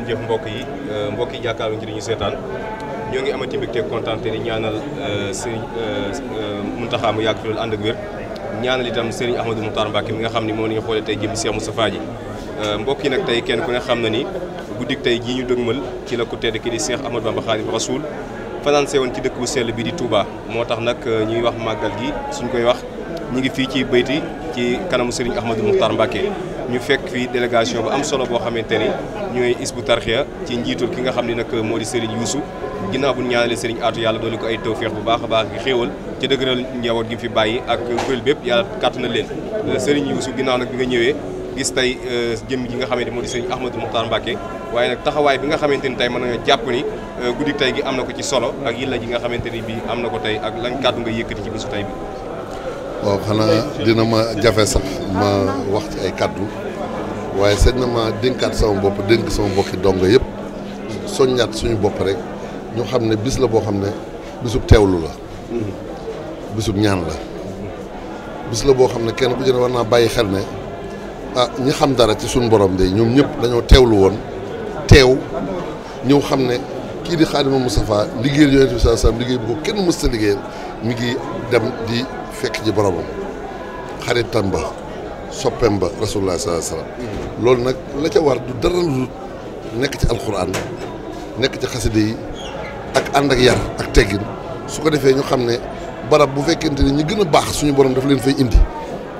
ngeen jëf mbokk yi euh, mbokk yi jàkkaaru njëriñu seetaan ñoo ngi amati mbégte kontaan te di ñaanal euh, sëriñ euh, Muntaxa mu yàgg fi loolu ànd ak wér ñaanal itam sëriñ Ahmadou Moukhtar Mbacké mi nga xam ne moom la ñu tey jëm Cheikh Moustapha ji mbokk yi nag tey kenn ku ne xam na ni guddik tey jii ñu dëgmal ci la ku tedd ki di Cheikh Ahmadou Bamba Khadimu Rasuul fanaanse woon ci dëkk bu sell bi di tuuba moo tax nag ñuy wax màggal gi suñ koy wax ñu ngi fii ci bayti ci kanamu Serigne Ahmadou Moukhtar Mbacke ñu fekk fii délégation bu am solo boo xamante ni ñooy Hizbut Tarqiyyah ci njiitul ki nga xam ne nag moo di Serigne Youssou ginnaaw bu ñu ñaanalee Serigne yàlla doolu ko ay tawféex bu baax a baax gi xéewal ci dëgëral njaboot fi bàyyi ak kuréel bépp yàlla kàttan na leen Serigne Youssou ginnaaw nag bi nga ñëwee gis tey euh, jëmm ji nga xamante moo di Serigne Ahmadou Moukhtar Mbacke waaye nag taxawaay bi nga xamante ni tey mën nga jàpp ni euh, guddik tey gi am na ko ci solo ak yilla ji nga xamante ni bi am na ko tey ak lañ kàddu nga yëkkati ci bisu tey bi waaw xanaa dina ma jafe sax ma wax ci ay kàddu waaye sañ na ma dénkaat sama bopp dénk sama mbokki dongo yëpp soññaat suñu bopp rek ñu xam ne bis la boo xam ne bisub teewlu la bisub ñaan la bis la boo xam ne kenn ku ci war naa bàyyi xel ne ah ñi xam dara ci suñu borom de ñoom ñëpp dañoo teewlu woon teew ñëw xam ne kii di Xaadimu Mustafaa liggéeyal Yonent bi sallallahu alayhi liggéey bu ko kenn mës liggéeyal mi ngi dem di fekk ji boromam xaritam ba soppem ba rasulullah sallallahu alayhi wasallam loolu nag la ca war du dara lu nekk ci alxuraan nekk ci xasida yi ak ànd ak yar ak teggin su ko defee ñu xam ne barab bu fekkente ni ñi gën a baax suñu borom daf leen fay indi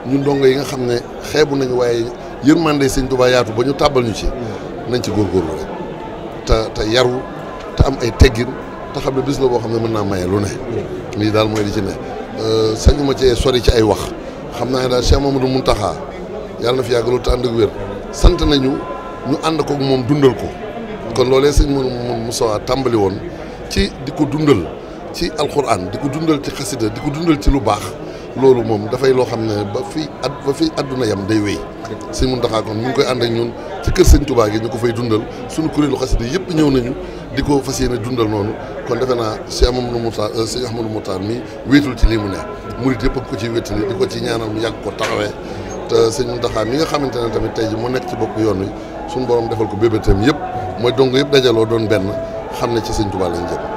ñun ndongo yi nga xam ne xeebu nañu waaye yërmande sëñ Tuubaa yaatu ba ñu tàbbal ñu ci nañ ci góor rek te te yaru te am ay teggin te xam ne bis la boo xam ne mën naa maye lu ne lii daal mooy li ci ne Euh, sañu ma cee sori ci ay wax xam naa ne daal Cheikh Mamadou taxaa yàlla na fi yàgg loolu te ànd ak wér sant nañu ñu ànd koog moom dundal ko kon loolee sëñ mu Moussa tàmbali woon ci di ko dundal ci alxuraan di ko dundal ci xasida di ko dundal ci lu baax loolu moom dafay loo xam ne ba fi at ba fi àdduna yam day wéy sëñ Mountakha kon mu ngi koy ànd ak ñun ci kër sëñ Touba gi ñu ko fay dundal suñu kuréelu xasida yëpp ñëw nañu di ko fas yéene dundal noonu kon defe naa si Amadou Moutar si euh, Amadou Moutar mi wéetul ci lii mu ne murit yëpp ko ci wéetali di ko ci ñaanal mu yàgg ko taxawee te sëñ Mountakha mi nga xamante ne tamit tey ji mu nekk ci bopp yoon wi suñu borom defal ko bébétam yëpp mooy dong yëpp dajaloo doon benn xam ne ci sëñ Tuubaa lañ jëm